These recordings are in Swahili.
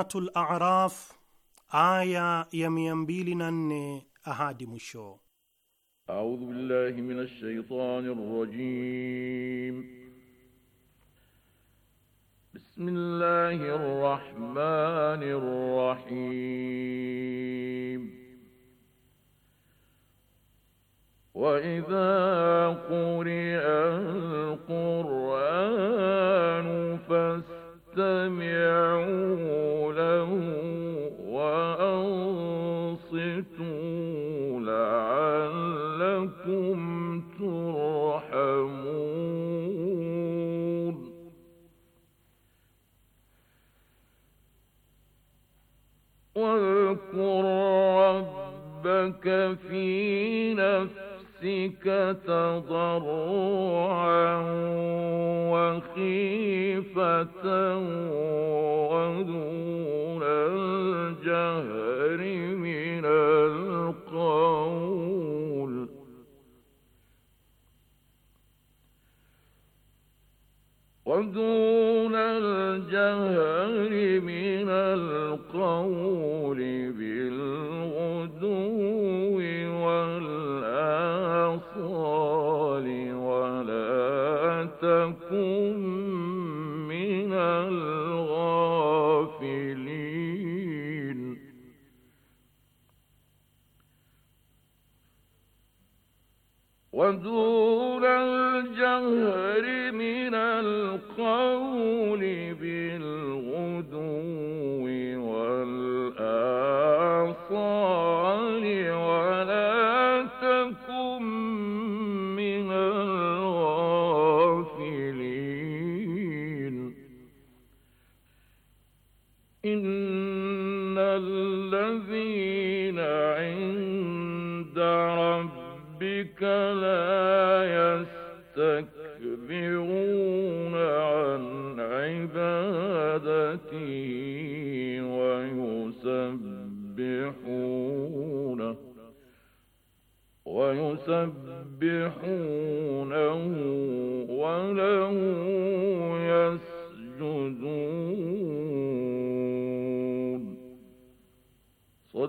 Suratul A'raf aya ya 204 ahadi mwisho. A'udhu billahi minash shaitani rrajim في نفسك تضرعا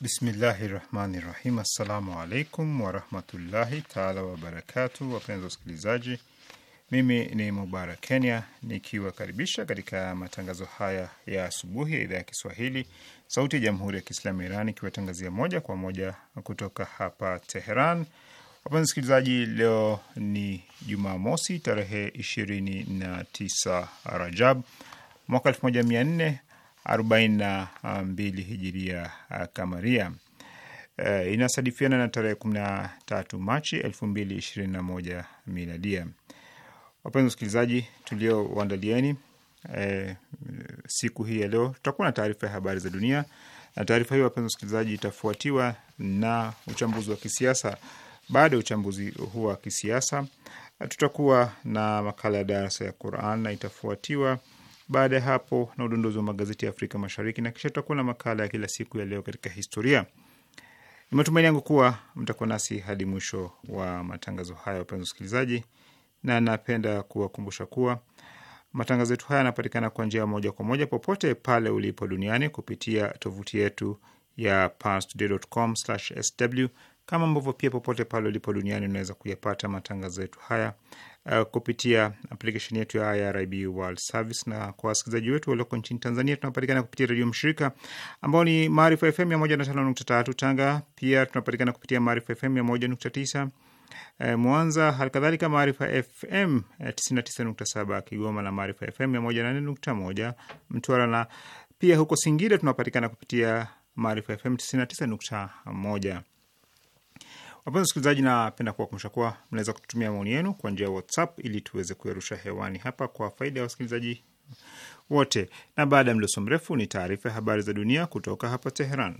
Bismillahi rahmani rahim. Assalamu alaikum warahmatullahi taala wabarakatu. Wapenzi wa wasikilizaji, mimi ni Mubarak Kenya nikiwakaribisha katika matangazo haya ya asubuhi ya idhaa ya Kiswahili sauti ya jamhuri ya Kiislamu ya Iran ikiwatangazia moja kwa moja kutoka hapa Teheran. Wapenzi wasikilizaji, leo ni Jumamosi tarehe 29 Rajab mwaka nne 42 hijiria uh, kamaria. Uh, inasadifiana na tarehe 13 Machi 2021 miladia. Wapenzi wasikilizaji, tuliowaandalieni e, siku hii ya leo tutakuwa na taarifa ya habari za dunia, na taarifa hiyo wapenzi wasikilizaji, itafuatiwa na uchambuzi wa kisiasa. Baada ya uchambuzi huu wa kisiasa, tutakuwa na makala ya darasa ya Quran na itafuatiwa baada ya hapo na udondozi wa magazeti ya Afrika Mashariki, na kisha tutakuwa na makala ya kila siku ya leo katika historia. Ni matumaini yangu kuwa mtakuwa nasi hadi mwisho wa matangazo haya, wapenzi wasikilizaji, na napenda kuwakumbusha kuwa matangazo yetu haya yanapatikana kwa njia moja kwa moja popote pale ulipo duniani kupitia tovuti yetu ya parstoday.com/sw, kama ambavyo pia popote pale ulipo duniani unaweza kuyapata matangazo yetu haya uh, kupitia aplikesheni yetu ya IRIB World Service, na kwa wasikilizaji wetu walioko nchini Tanzania tunapatikana kupitia redio mshirika ambao ni Maarifa FM 105.3 Tanga. Pia tunapatikana kupitia Maarifa FM 101.9 eh, Mwanza, halikadhalika Maarifa FM 99.7 eh, Kigoma na Maarifa FM 108.1 Mtwara, na pia huko Singida tunapatikana kupitia Maarifa FM 99.1. Wapenzi wasikilizaji, napenda kuwakumbusha kuwa mnaweza kututumia maoni yenu kwa njia ya WhatsApp ili tuweze kuyarusha hewani hapa kwa faida ya wasikilizaji wote. Na baada ya mdoso mrefu, ni taarifa ya habari za dunia kutoka hapa Teheran.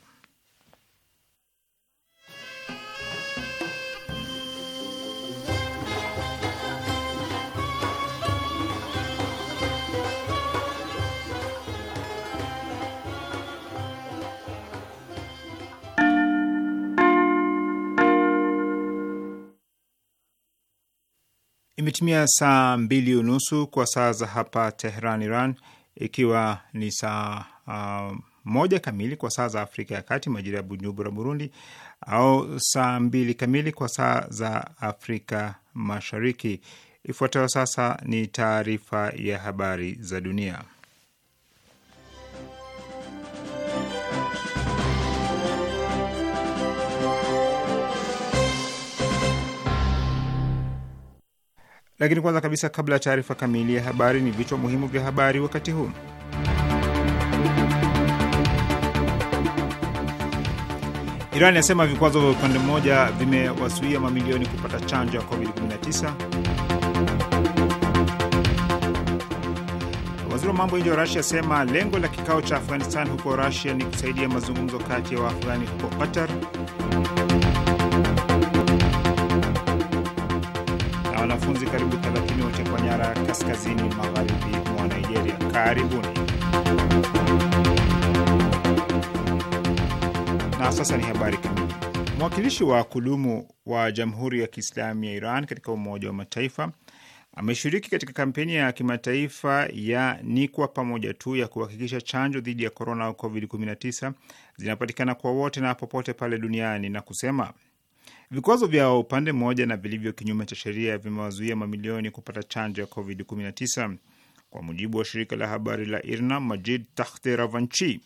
Imetimia saa mbili unusu kwa saa za hapa Tehran, Iran, ikiwa ni saa uh, moja kamili kwa saa za Afrika ya Kati, majira ya Bujumbura, Burundi, au saa mbili kamili kwa saa za Afrika Mashariki. Ifuatayo sasa ni taarifa ya habari za dunia. Lakini kwanza kabisa, kabla ya taarifa kamili ya habari, ni vichwa muhimu vya habari wakati huu. Iran yasema vikwazo vya upande mmoja vimewazuia mamilioni kupata chanjo ya COVID-19. Waziri wa mambo ya nje wa Rasia asema lengo la kikao cha Afghanistan huko Rasia ni kusaidia mazungumzo kati ya Waafghani huko Qatar. Karibuni. Na sasa ni habari kamili. Mwakilishi wa kudumu wa Jamhuri ya Kiislamu ya Iran katika Umoja wa Mataifa ameshiriki katika kampeni ya kimataifa ya ni kwa pamoja tu ya kuhakikisha chanjo dhidi ya korona au covid-19 zinapatikana kwa wote na popote pale duniani na kusema vikwazo vya upande mmoja na vilivyo kinyume cha sheria vimewazuia mamilioni kupata chanjo ya covid-19. Kwa mujibu wa shirika la habari la IRNA, Majid Takhte Ravanchi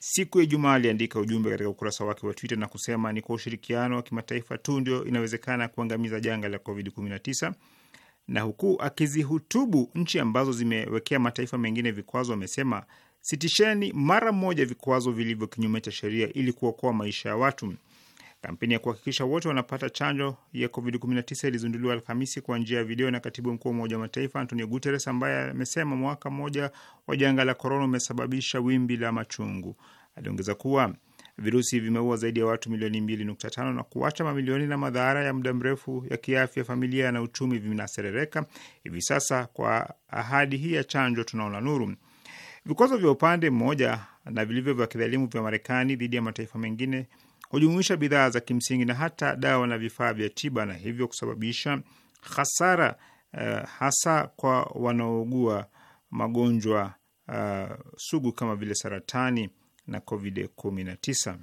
siku ya Ijumaa aliandika ujumbe katika ukurasa wake wa Twitter na kusema ni kwa ushirikiano wa kimataifa tu ndio inawezekana kuangamiza janga la COVID-19. Na huku akizihutubu nchi ambazo zimewekea mataifa mengine vikwazo, amesema sitisheni mara moja vikwazo vilivyo kinyume cha sheria ili kuokoa maisha ya watu. Kampeni ya kuhakikisha wote wanapata chanjo ya COVID-19 ilizinduliwa Alhamisi kwa njia ya video na katibu mkuu wa Umoja wa Mataifa Antonio Guterres, ambaye amesema mwaka mmoja wa janga la korona umesababisha wimbi la machungu. Aliongeza kuwa virusi vimeua zaidi ya watu milioni 2.5 na kuacha mamilioni na madhara ya muda mrefu ya kiafya, familia na uchumi vinaserereka. Hivi sasa kwa ahadi hii ya chanjo tunaona nuru. Vikwazo vya upande mmoja na vilivyo vya kidhalimu vya Marekani dhidi ya mataifa mengine hujumuisha bidhaa za kimsingi na hata dawa na vifaa vya tiba na hivyo kusababisha hasara uh, hasa kwa wanaougua magonjwa uh, sugu kama vile saratani na Covid 19.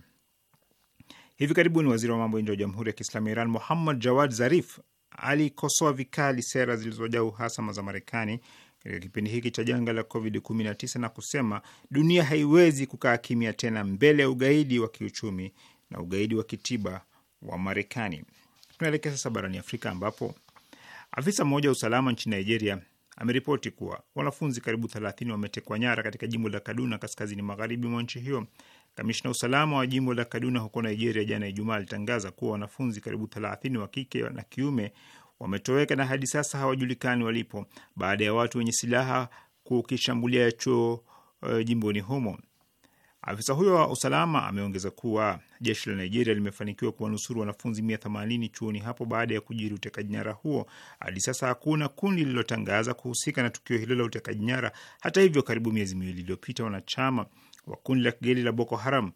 Hivi karibuni waziri wa mambo ya nje wa Jamhuri ya Kiislamu ya Iran Muhammad Jawad Zarif alikosoa vikali sera zilizojaa uhasama za Marekani katika kipindi hiki cha janga la Covid 19 na kusema dunia haiwezi kukaa kimya tena mbele ya ugaidi wa kiuchumi na ugaidi wa kitiba wa Marekani. Tunaelekea sasa barani Afrika ambapo afisa mmoja wa usalama nchini Nigeria ameripoti kuwa wanafunzi karibu thelathini wametekwa nyara katika jimbo la Kaduna kaskazini magharibi mwa nchi hiyo. Kamishna usalama wa jimbo la Kaduna huko Nigeria jana Ijumaa alitangaza kuwa wanafunzi karibu thelathini wa kike na kiume wametoweka na hadi sasa hawajulikani walipo baada ya watu wenye silaha kukishambulia chuo uh, jimboni humo. Afisa huyo wa usalama ameongeza kuwa jeshi la Nigeria limefanikiwa kuwanusuru wanafunzi mia chuoni hapo baada ya kujiri utekaji nyara huo. Hadi sasa hakuna kundi lililotangaza kuhusika na tukio hilo la utekaji nyara. Hata hivyo, karibu miezi miwili iliyopita, wanachama wa kundi la kigeli la Boko Haram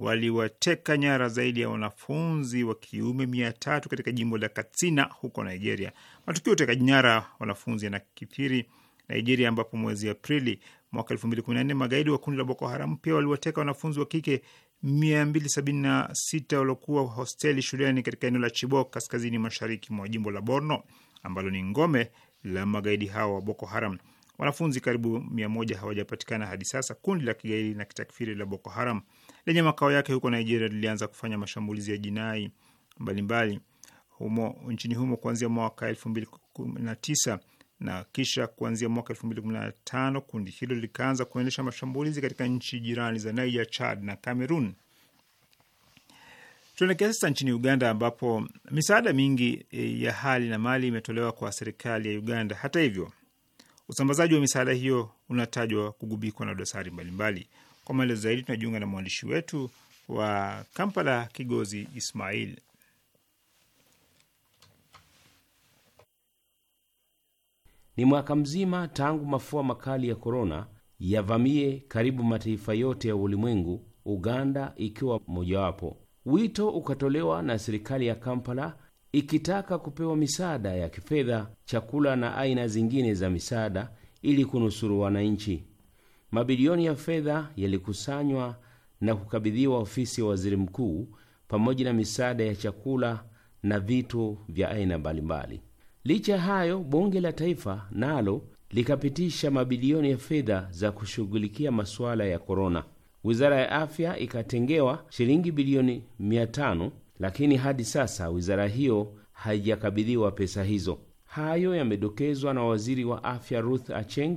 waliwateka nyara zaidi ya wanafunzi wa kiume mia tatu katika jimbo la Katsina huko Nigeria. Matukio ya utekaji nyara wanafunzi yanakithiri Nigeria, ambapo mwezi Aprili mwaka 2014 magaidi wa kundi la Boko Haram pia waliwateka wanafunzi wa kike 276 waliokuwa hosteli shuleni katika eneo la Chibok kaskazini mashariki mwa jimbo la Borno ambalo ni ngome la magaidi hao wa Boko Haram. Wanafunzi karibu 100 hawajapatikana hadi sasa. Kundi la kigaidi na kitakfiri la Boko Haram lenye makao yake huko Nigeria lilianza kufanya mashambulizi ya jinai mbalimbali humo nchini humo kuanzia mwaka tisa na kisha kuanzia mwaka elfu mbili kumi na tano kundi hilo likaanza kuendesha mashambulizi katika nchi jirani za Naija, Chad na Cameroon. Tuelekea sasa nchini Uganda ambapo misaada mingi e, ya hali na mali imetolewa kwa serikali ya Uganda. Hata hivyo, usambazaji wa misaada hiyo unatajwa kugubikwa na dosari mbalimbali. Kwa maelezo zaidi, tunajiunga na mwandishi wetu wa Kampala, Kigozi Ismail. Ni mwaka mzima tangu mafua makali ya korona yavamie karibu mataifa yote ya ulimwengu, Uganda ikiwa mojawapo. Wito ukatolewa na serikali ya Kampala ikitaka kupewa misaada ya kifedha, chakula na aina zingine za misaada ili kunusuru wananchi. Mabilioni ya fedha yalikusanywa na kukabidhiwa ofisi ya waziri mkuu pamoja na misaada ya chakula na vitu vya aina mbalimbali. Licha hayo, bunge la taifa nalo likapitisha mabilioni ya fedha za kushughulikia masuala ya korona. Wizara ya afya ikatengewa shilingi bilioni 5 lakini hadi sasa wizara hiyo haijakabidhiwa pesa hizo. Hayo yamedokezwa na waziri wa afya Ruth Acheng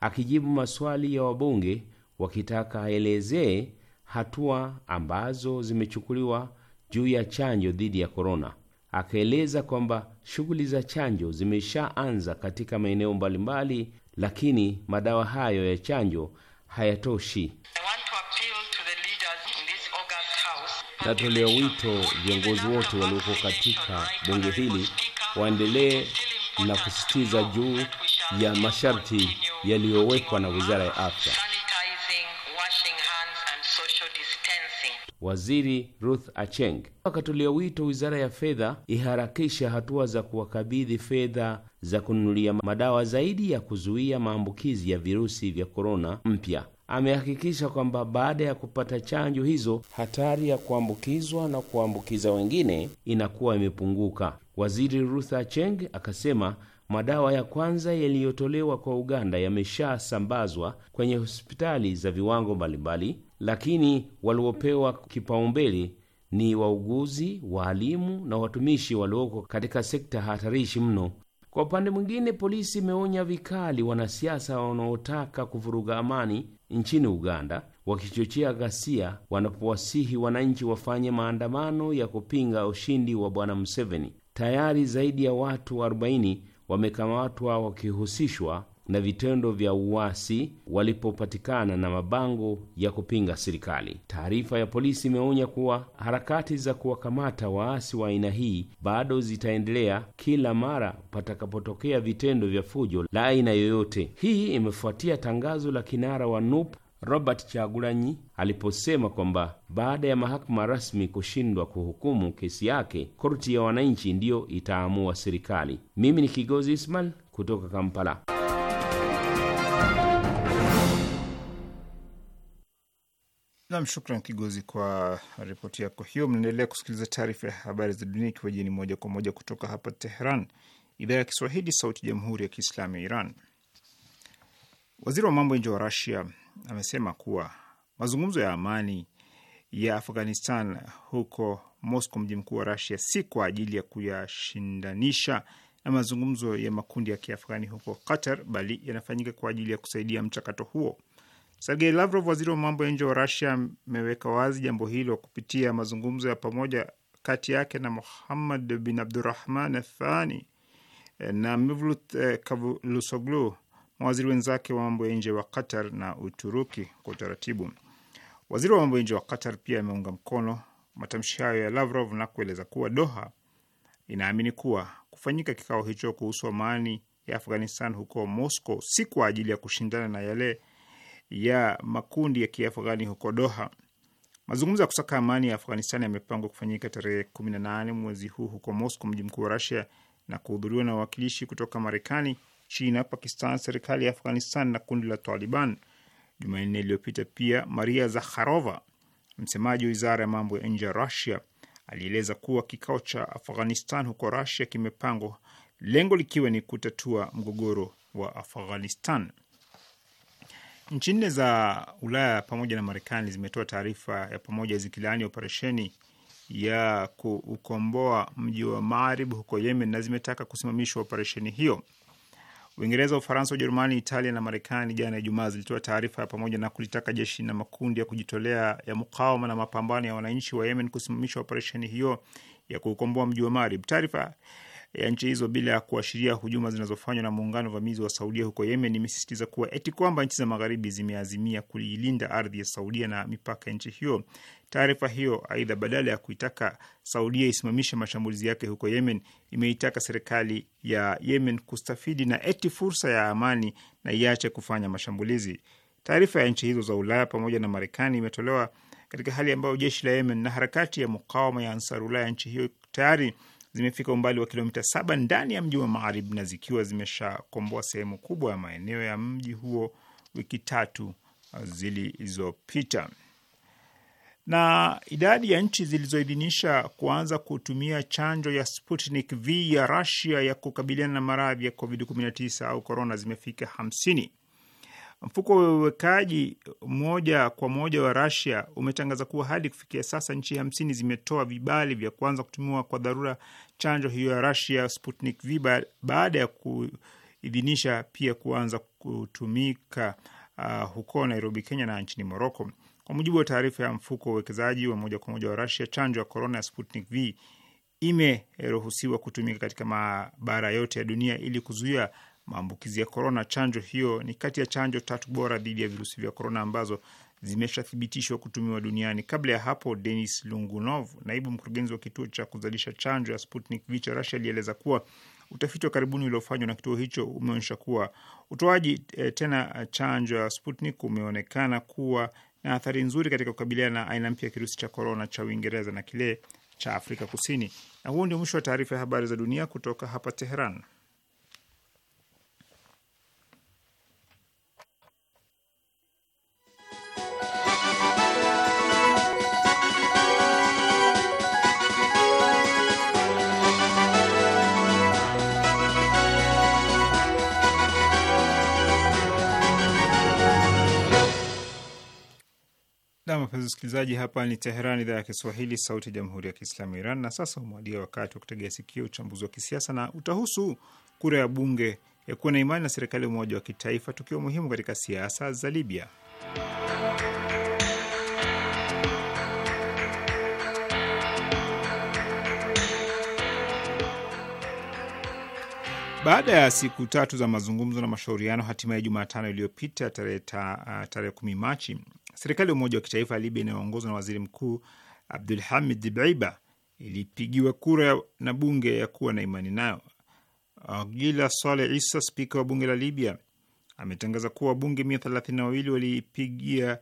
akijibu maswali ya wabunge wakitaka aelezee hatua ambazo zimechukuliwa juu ya chanjo dhidi ya korona akaeleza kwamba shughuli za chanjo zimeshaanza katika maeneo mbalimbali, lakini madawa hayo ya chanjo hayatoshi. Natolea wito viongozi wote walioko katika bunge hili waendelee na kusisitiza juu ya masharti yaliyowekwa na Wizara ya Afya. Waziri Ruth Acheng akatolea wito wizara ya fedha iharakisha hatua za kuwakabidhi fedha za kununulia madawa zaidi ya kuzuia maambukizi ya virusi vya korona mpya. Amehakikisha kwamba baada ya kupata chanjo hizo, hatari ya kuambukizwa na kuambukiza wengine inakuwa imepunguka. Waziri Ruth Acheng akasema madawa ya kwanza yaliyotolewa kwa Uganda yameshasambazwa kwenye hospitali za viwango mbalimbali lakini waliopewa kipaumbele ni wauguzi, waalimu na watumishi walioko katika sekta hatarishi mno. Kwa upande mwingine, polisi imeonya vikali wanasiasa wanaotaka kuvuruga amani nchini Uganda, wakichochea ghasia wanapowasihi wananchi wafanye maandamano ya kupinga ushindi wa bwana Museveni. Tayari zaidi ya watu 40 wamekamatwa wakihusishwa na vitendo vya uasi walipopatikana na mabango ya kupinga serikali. Taarifa ya polisi imeonya kuwa harakati za kuwakamata waasi wa aina hii bado zitaendelea kila mara patakapotokea vitendo vya fujo la aina yoyote. Hii imefuatia tangazo la kinara wa NUP Robert Chagulanyi aliposema kwamba baada ya mahakama rasmi kushindwa kuhukumu kesi yake, korti ya wananchi ndiyo itaamua serikali. Mimi ni Kigozi Ismail kutoka Kampala. Nam, shukran Kigozi kwa ripoti yako hiyo. Mnaendelea kusikiliza taarifa ya habari za dunia ikiwa jeni moja kwa moja kutoka hapa Teheran, idhaa ya Kiswahili, sauti ya jamhuri ya kiislamu ya Iran. Waziri wa mambo ya nje wa Rasia amesema kuwa mazungumzo ya amani ya Afghanistan huko Moscow, mji mkuu wa Rasia, si kwa ajili ya kuyashindanisha na mazungumzo ya makundi ya kiafghani huko Qatar, bali yanafanyika kwa ajili ya kusaidia mchakato huo. Sergei Lavrov, waziri wa mambo ya nje wa Rusia, ameweka wazi jambo hilo kupitia mazungumzo ya pamoja kati yake na Muhammad bin Abdurahman Thani eh, na Mevlut Cavusoglu, eh, mawaziri wenzake wa mambo ya nje wa Qatar na Uturuki kwa utaratibu. Waziri wa mambo ya nje wa Qatar pia ameunga mkono matamshi hayo ya Lavrov na kueleza kuwa Doha inaamini kuwa kufanyika kikao hicho kuhusu amani ya Afghanistan huko Moscow si kwa ajili ya kushindana na yale ya makundi ya kiafghani huko Doha. Mazungumzo ya kusaka amani ya Afghanistan yamepangwa kufanyika tarehe 18 mwezi huu huko Moscow, mji mkuu wa Rusia, na kuhudhuriwa na wawakilishi kutoka Marekani, China, Pakistan, serikali ya Afghanistan na kundi la Taliban. Jumanne iliyopita pia, Maria Zakharova, msemaji wa wizara ya mambo ya nje ya Rusia, alieleza kuwa kikao cha Afghanistan huko Rusia kimepangwa, lengo likiwa ni kutatua mgogoro wa Afghanistan. Nchi nne za Ulaya pamoja na Marekani zimetoa taarifa ya pamoja zikilaani operesheni ya kuukomboa mji wa Marib huko Yemen na zimetaka kusimamishwa operesheni hiyo. Uingereza, Ufaransa, Ujerumani, Italia na Marekani jana Ijumaa zilitoa taarifa ya pamoja na kulitaka jeshi na makundi ya kujitolea ya mukawama na mapambano ya wananchi wa Yemen kusimamisha operesheni hiyo ya kuukomboa mji wa Marib. Taarifa ya nchi hizo bila ya kuashiria hujuma zinazofanywa na muungano vamizi wa Saudia huko Yemen, imesisitiza kuwa eti kwamba nchi za magharibi zimeazimia kuilinda ardhi ya Saudia na mipaka ya nchi hiyo. Taarifa hiyo, aidha, badala ya kuitaka Saudia isimamishe mashambulizi yake huko Yemen, imeitaka serikali ya Yemen kustafidi na eti fursa ya amani na iache kufanya mashambulizi. Taarifa ya nchi hizo za Ulaya pamoja na Marekani imetolewa katika hali ambayo jeshi la Yemen na harakati ya mukawama ya Ansarullah ya nchi hiyo tayari zimefika umbali wa kilomita saba ndani ya mji wa Maarib na zikiwa zimeshakomboa sehemu kubwa ya maeneo ya mji huo wiki tatu uh, zilizopita. Na idadi ya nchi zilizoidhinisha kuanza kutumia chanjo ya Sputnik V ya rusia ya kukabiliana na maradhi ya COVID-19 au korona zimefika hamsini. Mfuko wa uwekaji moja kwa moja wa Rasia umetangaza kuwa hadi kufikia sasa nchi hamsini zimetoa vibali vya kuanza kutumiwa kwa dharura chanjo hiyo ya Rasia Sputnik V baada ya kuidhinisha pia kuanza kutumika uh, huko Nairobi, Kenya na nchini Moroko. Kwa mujibu wa taarifa ya mfuko wa uwekezaji wa moja kwa moja wa Rasia, chanjo ya korona ya Sputnik V imeruhusiwa kutumika katika maabara yote ya dunia ili kuzuia maambukizi ya korona. Chanjo hiyo ni kati ya chanjo tatu bora dhidi ya virusi vya korona ambazo zimeshathibitishwa kutumiwa duniani. Kabla ya hapo, Denis Lungunov, naibu mkurugenzi wa kituo cha kuzalisha chanjo ya Sputnik V cha Rusia, alieleza kuwa utafiti wa karibuni uliofanywa na kituo hicho umeonyesha kuwa utoaji eh, tena chanjo ya Sputnik umeonekana kuwa na athari nzuri katika kukabiliana na aina mpya ya kirusi cha korona cha Uingereza na kile cha Afrika Kusini. Na huo ndio mwisho wa taarifa ya habari za dunia kutoka hapa Teheran. Na wapenzi wasikilizaji, hapa ni Teheran, idhaa ya Kiswahili, sauti ya jamhuri ya kiislamu ya Iran. Na sasa umewadia wakati wa kutegea sikio uchambuzi wa kisiasa, na utahusu kura ya bunge ya kuwa na imani na serikali ya umoja wa kitaifa, tukio muhimu katika siasa za Libya. Baada ya siku tatu za mazungumzo na mashauriano, hatimaye Jumatano iliyopita tarehe uh, kumi Machi, Serikali ya Umoja wa Kitaifa ya Libya inayoongozwa na waziri mkuu Abdul Hamid Dibeiba ilipigiwa kura na bunge ya kuwa na imani nayo. Gila Saleh Isa, spika wa bunge la Libya, ametangaza kuwa wabunge mia thelathini na wawili walipigia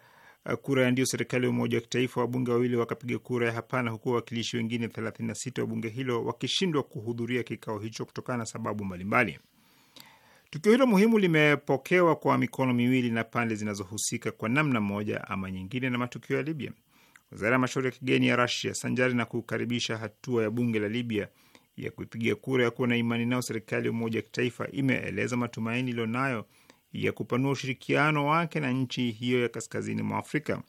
uh, kura ya ndio serikali ya umoja wa kitaifa, wabunge wawili wakapiga kura ya hapana, huku wawakilishi wengine 36 wa bunge hilo wakishindwa kuhudhuria kikao hicho kutokana na sababu mbalimbali mbali. Tukio hilo muhimu limepokewa kwa mikono miwili na pande zinazohusika kwa namna moja ama nyingine na matukio ya Libya. Wizara ya mashauri ya kigeni ya Rasia, sanjari na kukaribisha hatua ya bunge la Libya ya kupigia kura ya kuwa na imani nao serikali ya umoja wa kitaifa, imeeleza matumaini iliyonayo ya kupanua ushirikiano wake na nchi hiyo ya kaskazini mwa Afrika.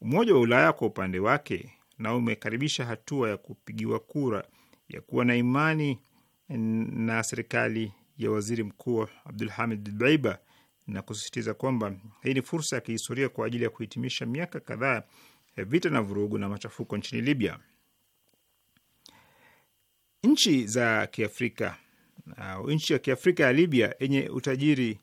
Umoja wa Ulaya kwa upande wake nao umekaribisha hatua ya kupigiwa kura ya kuwa na imani na serikali ya waziri mkuu Abdul Hamid Dbeiba na kusisitiza kwamba hii ni fursa ya kihistoria kwa ajili ya kuhitimisha miaka kadhaa ya vita na vurugu na machafuko nchini Libya. Nchi za Kiafrika uh, nchi ya Kiafrika ya Libya yenye utajiri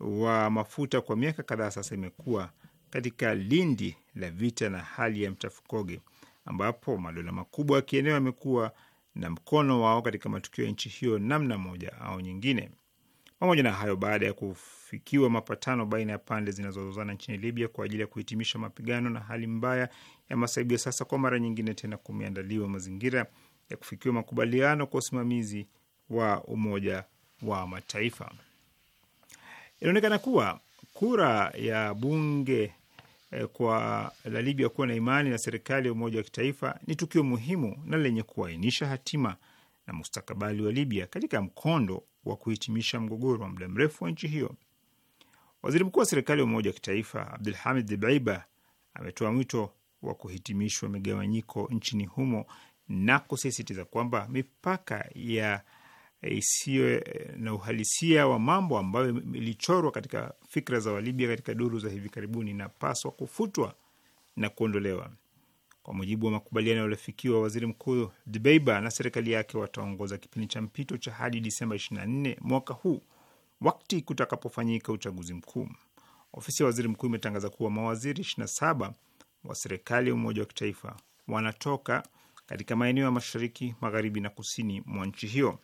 wa mafuta kwa miaka kadhaa sasa imekuwa katika lindi la vita na hali ya mchafukoge ambapo madola makubwa ya kieneo yamekuwa na mkono wao katika matukio ya nchi hiyo namna moja au nyingine. Pamoja na hayo, baada ya kufikiwa mapatano baina ya pande zinazozozana nchini Libya kwa ajili ya kuhitimisha mapigano na hali mbaya ya masaibu ya sasa, kwa mara nyingine tena kumeandaliwa mazingira ya kufikiwa makubaliano kwa usimamizi wa Umoja wa Mataifa. Inaonekana kuwa kura ya bunge Eh, kwa la Libya kuwa na imani na serikali ya umoja wa kitaifa ni tukio muhimu na lenye kuainisha hatima na mustakabali wa Libya katika mkondo wa kuhitimisha mgogoro wa muda mrefu wa nchi hiyo. Waziri mkuu wa serikali ya umoja wa kitaifa Abdul Hamid Dibeiba ametoa mwito wa kuhitimishwa migawanyiko nchini humo na kusisitiza kwamba mipaka ya Eh, isiyo eh, na uhalisia wa mambo ambayo ilichorwa katika fikra za Walibia katika duru za hivi karibuni inapaswa kufutwa na kuondolewa. Kwa mujibu wa makubaliano yaliyofikiwa, waziri mkuu Dbeiba na serikali yake wataongoza kipindi cha mpito cha hadi Disemba 24 mwaka huu wakati kutakapofanyika uchaguzi mkuu. Ofisi ya waziri mkuu imetangaza kuwa mawaziri 27 wa serikali ya umoja wa kitaifa wanatoka katika maeneo ya mashariki, magharibi na kusini mwa nchi hiyo.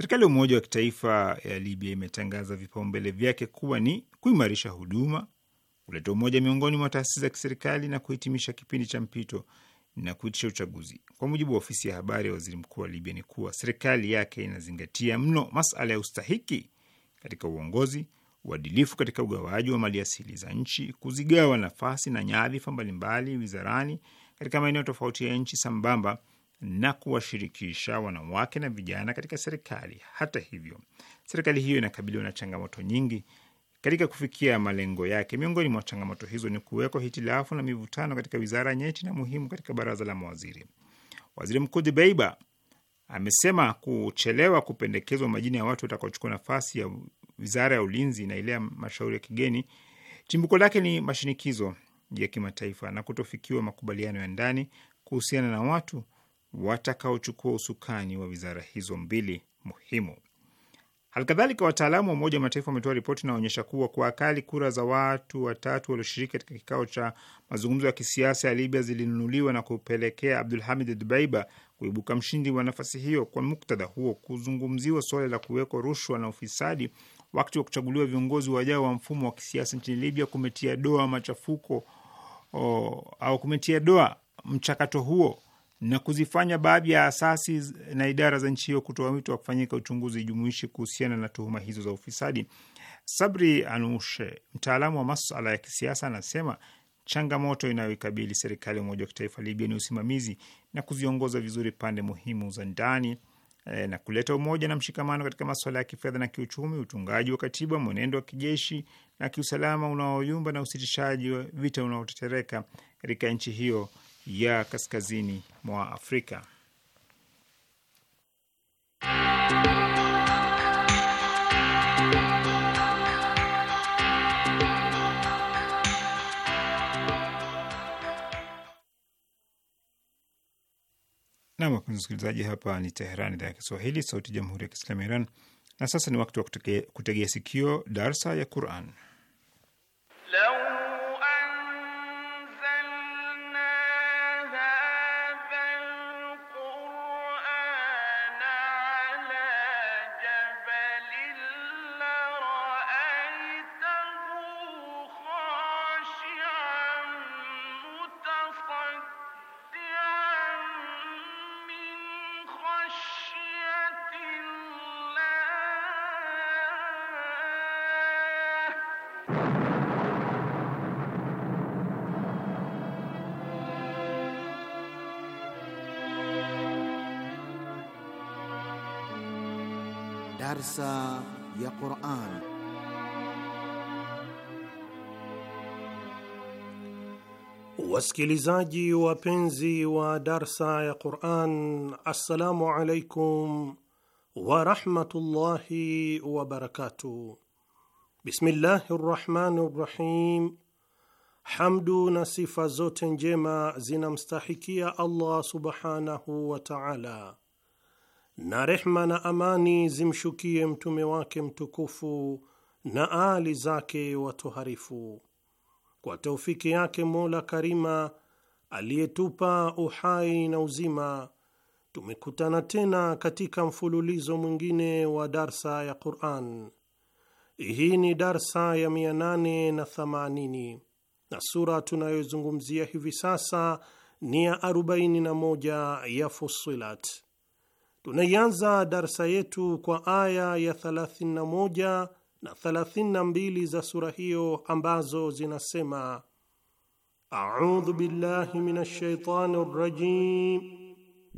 Serikali ya Umoja wa Kitaifa ya Libya imetangaza vipaumbele vyake kuwa ni kuimarisha huduma, kuleta umoja miongoni mwa taasisi za kiserikali na kuhitimisha kipindi cha mpito na kuitisha uchaguzi. Kwa mujibu wa ofisi ya habari ya waziri mkuu wa Libya ni kuwa serikali yake inazingatia mno masala ya ustahiki katika uongozi, uadilifu katika ugawaji wa maliasili za nchi, kuzigawa nafasi na nyadhifa mbalimbali wizarani katika maeneo tofauti ya nchi, sambamba na kuwashirikisha wanawake na vijana katika serikali. Hata hivyo, serikali hiyo inakabiliwa na changamoto nyingi katika kufikia malengo yake. Miongoni mwa changamoto hizo ni kuwekwa hitilafu na mivutano katika wizara nyeti na muhimu katika baraza la mawaziri. Waziri Mkuu Dbeiba amesema kuchelewa kupendekezwa majina ya watu watakaochukua nafasi ya wizara ya ulinzi na ile ya mashauri ya kigeni, chimbuko lake ni mashinikizo ya kimataifa na kutofikiwa makubaliano ya ndani kuhusiana na watu watakaochukua usukani wa wizara hizo mbili muhimu. Halikadhalika, wataalamu wa Umoja wa Mataifa wametoa ripoti inaonyesha kuwa kwa akali kura za watu watatu walioshiriki katika kikao cha mazungumzo ya kisiasa ya Libya zilinunuliwa na kupelekea Abdul Hamid Dbeiba kuibuka mshindi wa nafasi hiyo. Kwa muktadha huo, kuzungumziwa suala la kuwekwa rushwa na ufisadi wakati wa kuchaguliwa viongozi wajao wa mfumo wa kisiasa nchini Libya kumetia doa machafuko o, au kumetia doa mchakato huo na kuzifanya baadhi ya asasi na idara za nchi hiyo kutoa wito wa kufanyika uchunguzi jumuishi kuhusiana na tuhuma hizo za ufisadi. Sabri Anushe, mtaalamu wa masala ya kisiasa, anasema changamoto inayoikabili serikali ya Umoja wa Kitaifa Libya ni usimamizi na kuziongoza vizuri pande muhimu za ndani e, na kuleta umoja na mshikamano katika masuala ya kifedha na kiuchumi, utungaji wa katiba, mwenendo wa kijeshi na kiusalama unaoyumba na usitishaji wa vita unaotetereka katika nchi hiyo ya kaskazini mwa Afrika. Nam, wapenzi msikilizaji, hapa ni Teheran, idhaa ya Kiswahili, sauti ya jamhuri ya kiislamu ya Iran. Na sasa ni wakati wa kutegea sikio darsa ya Quran. darsa ya Qur'an. Wasikilizaji wapenzi wa darsa ya Qur'an, assalamu alaikum wa wabarakatuh wa barakatuh. Bismillahi rrahmani rrahim. Hamdu na sifa zote njema zinamstahikia Allah subhanahu wa ta'ala na rehma na amani zimshukie mtume wake mtukufu na aali zake watoharifu. Kwa taufiki yake Mola Karima aliyetupa uhai na uzima, tumekutana tena katika mfululizo mwingine wa darsa ya Quran. Hii ni darsa ya 880 na, na sura tunayozungumzia hivi sasa ni ya 41 ya Fussilat. Tunaianza darsa yetu kwa aya ya 31 na 32 za sura hiyo ambazo zinasema: audhu billahi minash shaitani rajim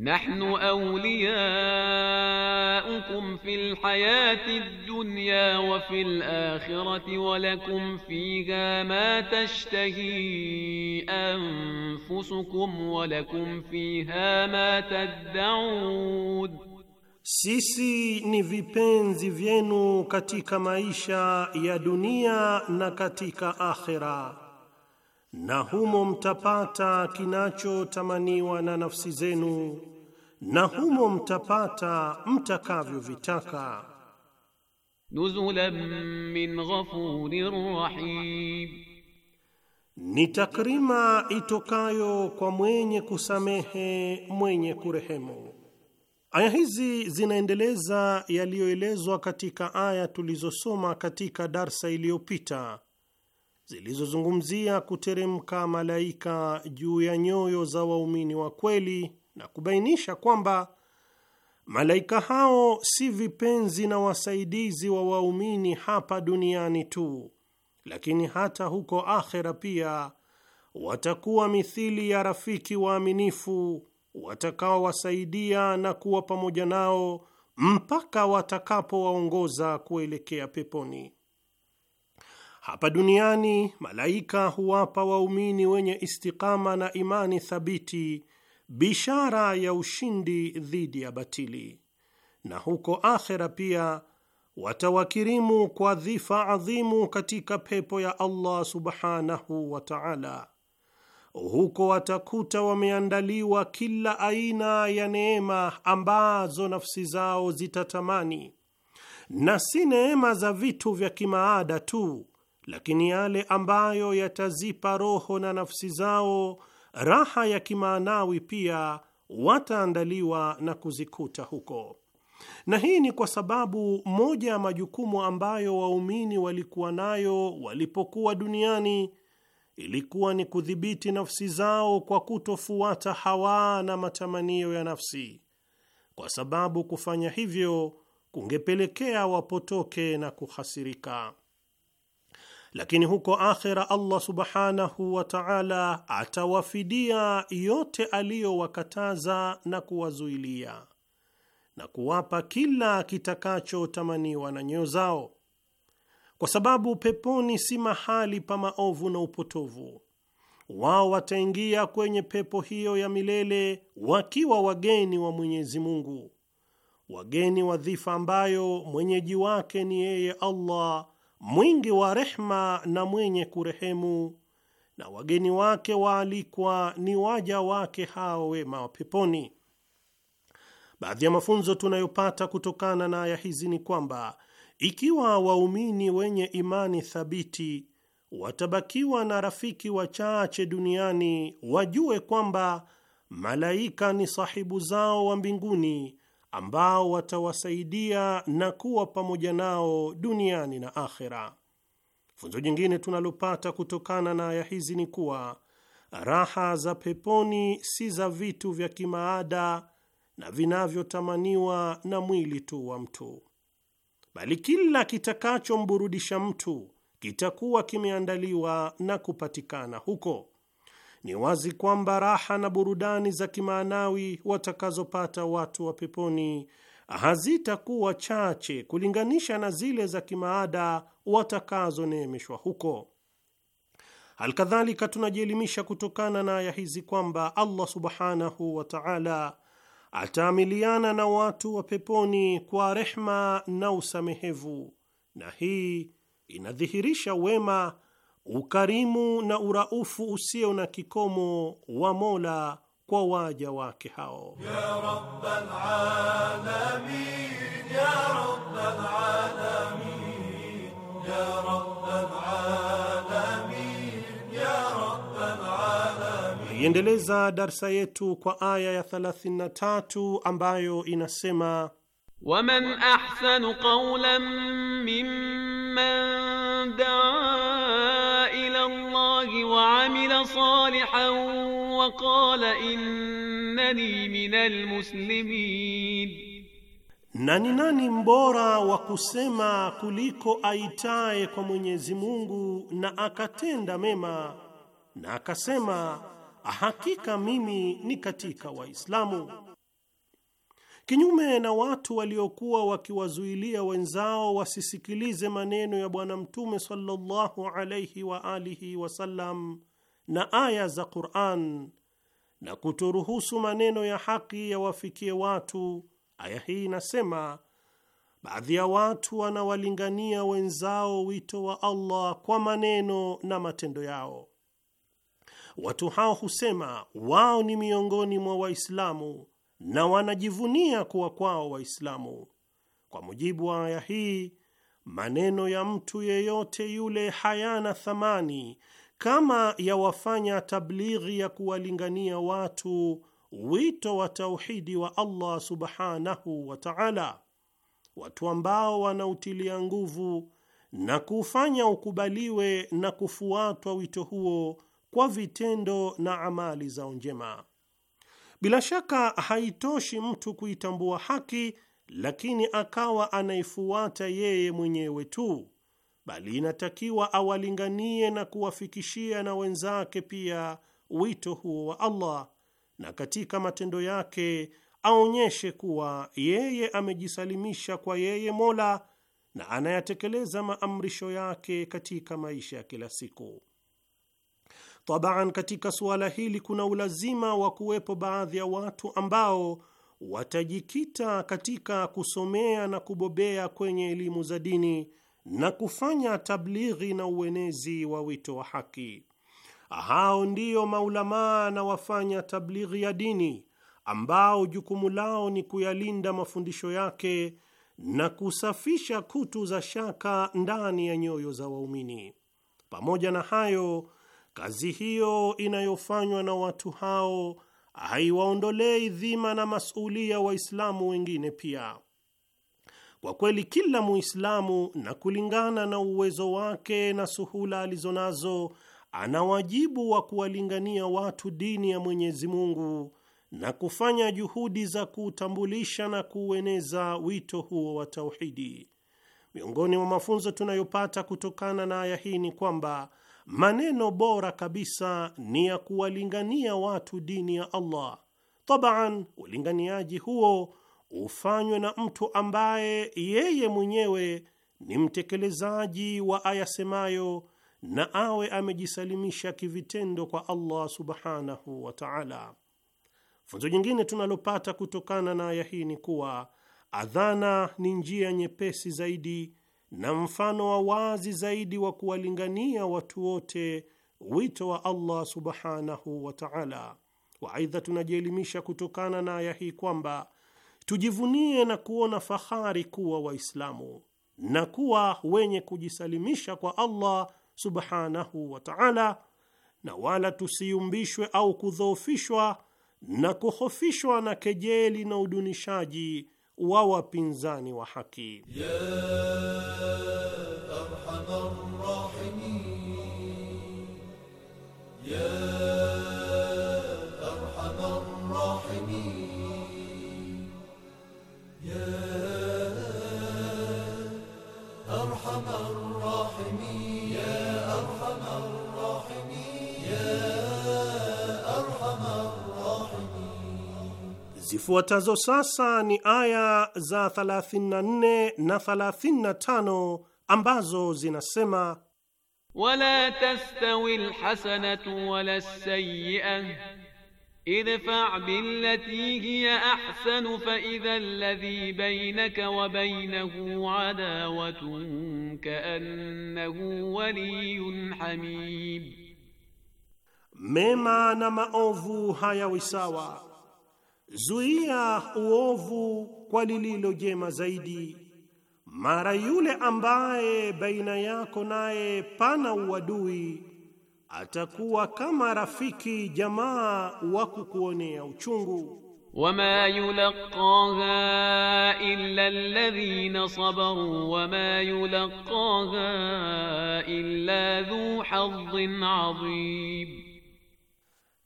نحن أولياؤكم في الحياة الدنيا وفي الآخرة ولكم فيها ما تشتهي أنفسكم ولكم فيها ما تدعون Sisi ni vipenzi vyenu katika maisha ya dunia na katika na humo mtapata kinachotamaniwa na nafsi zenu, na humo mtapata mtakavyovitaka. Nuzulan min ghafurir rahim, ni takrima itokayo kwa mwenye kusamehe mwenye kurehemu. Aya hizi zinaendeleza yaliyoelezwa katika aya tulizosoma katika darsa iliyopita zilizozungumzia kuteremka malaika juu ya nyoyo za waumini wa kweli na kubainisha kwamba malaika hao si vipenzi na wasaidizi wa waumini hapa duniani tu, lakini hata huko akhera pia watakuwa mithili ya rafiki waaminifu watakaowasaidia na kuwa pamoja nao mpaka watakapowaongoza kuelekea peponi. Hapa duniani malaika huwapa waumini wenye istikama na imani thabiti bishara ya ushindi dhidi ya batili, na huko akhera pia watawakirimu kwa dhifa adhimu katika pepo ya Allah subhanahu wa ta'ala. Huko watakuta wameandaliwa kila aina ya neema ambazo nafsi zao zitatamani, na si neema za vitu vya kimaada tu lakini yale ambayo yatazipa roho na nafsi zao raha ya kimaanawi pia wataandaliwa na kuzikuta huko. Na hii ni kwa sababu moja ya majukumu ambayo waumini walikuwa nayo walipokuwa duniani ilikuwa ni kudhibiti nafsi zao kwa kutofuata hawa na matamanio ya nafsi, kwa sababu kufanya hivyo kungepelekea wapotoke na kuhasirika lakini huko akhera Allah subhanahu wa ta'ala atawafidia yote aliyowakataza na kuwazuilia na kuwapa kila kitakachotamaniwa na nyoyo zao, kwa sababu peponi si mahali pa maovu na upotovu. Wao wataingia kwenye pepo hiyo ya milele wakiwa wageni wa Mwenyezi Mungu, wageni wa dhifa ambayo mwenyeji wake ni yeye Allah mwingi wa rehma na mwenye kurehemu, na wageni wake waalikwa ni waja wake hao wema wa peponi. Baadhi ya mafunzo tunayopata kutokana na aya hizi ni kwamba ikiwa waumini wenye imani thabiti watabakiwa na rafiki wachache duniani, wajue kwamba malaika ni sahibu zao wa mbinguni ambao watawasaidia na kuwa pamoja nao duniani na akhera. Funzo jingine tunalopata kutokana na aya hizi ni kuwa raha za peponi si za vitu vya kimaada na vinavyotamaniwa na mwili tu wa mtu, bali kila kitakachomburudisha mtu kitakuwa kimeandaliwa na kupatikana huko ni wazi kwamba raha na burudani za kimaanawi watakazopata watu wa peponi hazitakuwa chache kulinganisha na zile za kimaada watakazoneemeshwa huko. Alkadhalika, tunajielimisha kutokana na aya hizi kwamba Allah subhanahu wa taala ataamiliana na watu wa peponi kwa rehma na usamehevu, na hii inadhihirisha wema ukarimu na uraufu usio na kikomo wa Mola kwa waja wake hao ya Rabbal darsa yetu kwa aya ya 33 ambayo inasema waman ahsanu qawlan mimman daa صالحا وقال innani minal muslimin, na ni nani mbora wa kusema kuliko aitaye kwa Mwenyezi Mungu na akatenda mema na akasema hakika mimi ni katika Waislamu. Kinyume na watu waliokuwa wakiwazuilia wenzao wasisikilize maneno ya Bwana Mtume sallallahu alayhi wa alihi wasallam na aya za Qur'an na kutoruhusu maneno ya haki yawafikie watu. Aya hii inasema baadhi ya watu wanawalingania wenzao wito wa Allah kwa maneno na matendo yao. Watu hao husema wao ni miongoni mwa Waislamu na wanajivunia kuwa kwao Waislamu. Kwa mujibu wa aya hii, maneno ya mtu yeyote yule hayana thamani kama yawafanya tablighi ya kuwalingania watu wito wa tauhidi wa Allah subhanahu wa ta'ala, watu ambao wanautilia nguvu na kufanya ukubaliwe na kufuatwa wito huo kwa vitendo na amali zao njema. Bila shaka haitoshi mtu kuitambua haki, lakini akawa anaifuata yeye mwenyewe tu bali inatakiwa awalinganie na kuwafikishia na wenzake pia wito huo wa Allah, na katika matendo yake aonyeshe kuwa yeye amejisalimisha kwa yeye Mola na anayatekeleza maamrisho yake katika maisha ya kila siku. Tabaan, katika suala hili kuna ulazima wa kuwepo baadhi ya watu ambao watajikita katika kusomea na kubobea kwenye elimu za dini na kufanya tablighi na uenezi wa wito wa haki. Hao ndiyo maulamaa na wafanya tablighi ya dini ambao jukumu lao ni kuyalinda mafundisho yake na kusafisha kutu za shaka ndani ya nyoyo za waumini. Pamoja na hayo, kazi hiyo inayofanywa na watu hao haiwaondolei dhima na masulia Waislamu wengine pia. Kwa kweli kila Muislamu, na kulingana na uwezo wake na suhula alizo nazo, ana wajibu wa kuwalingania watu dini ya Mwenyezi Mungu na kufanya juhudi za kuutambulisha na kuueneza wito huo wa tauhidi. Miongoni mwa mafunzo tunayopata kutokana na aya hii ni kwamba maneno bora kabisa ni ya kuwalingania watu dini ya Allah. Tabaan, ulinganiaji huo ufanywe na mtu ambaye yeye mwenyewe ni mtekelezaji wa ayasemayo na awe amejisalimisha kivitendo kwa Allah subhanahu wa ta'ala. Funzo jingine tunalopata kutokana na aya hii ni kuwa adhana ni njia nyepesi zaidi na mfano wa wazi zaidi wa kuwalingania watu wote wito wa Allah subhanahu wa ta'ala. Waaidha, tunajielimisha kutokana na aya hii kwamba tujivunie na kuona fahari kuwa Waislamu na kuwa wenye kujisalimisha kwa Allah subhanahu wa ta'ala, na wala tusiumbishwe au kudhoofishwa na kuhofishwa na kejeli na udunishaji wa wapinzani wa haki ya ya أرحم الراحمين يا أرحم الراحمين يا أرحم الراحمين Zifuatazo sasa ni aya za 34 na 35 ambazo zinasema wala tastawi alhasanatu wala sayyi'ah idfa billati hiya ahsanu fa idha alladhi baynaka wa baynahu adawatun kaannahu waliyyun hamim, mema na maovu hayawi sawa. Zuia uovu kwa lililo jema zaidi, mara yule ambaye baina yako naye pana uadui atakuwa kama rafiki jamaa wa kukuonea uchungu. Wama yulqaha illa alladhina sabaru wama yulqaha illa dhu hadhin adhim,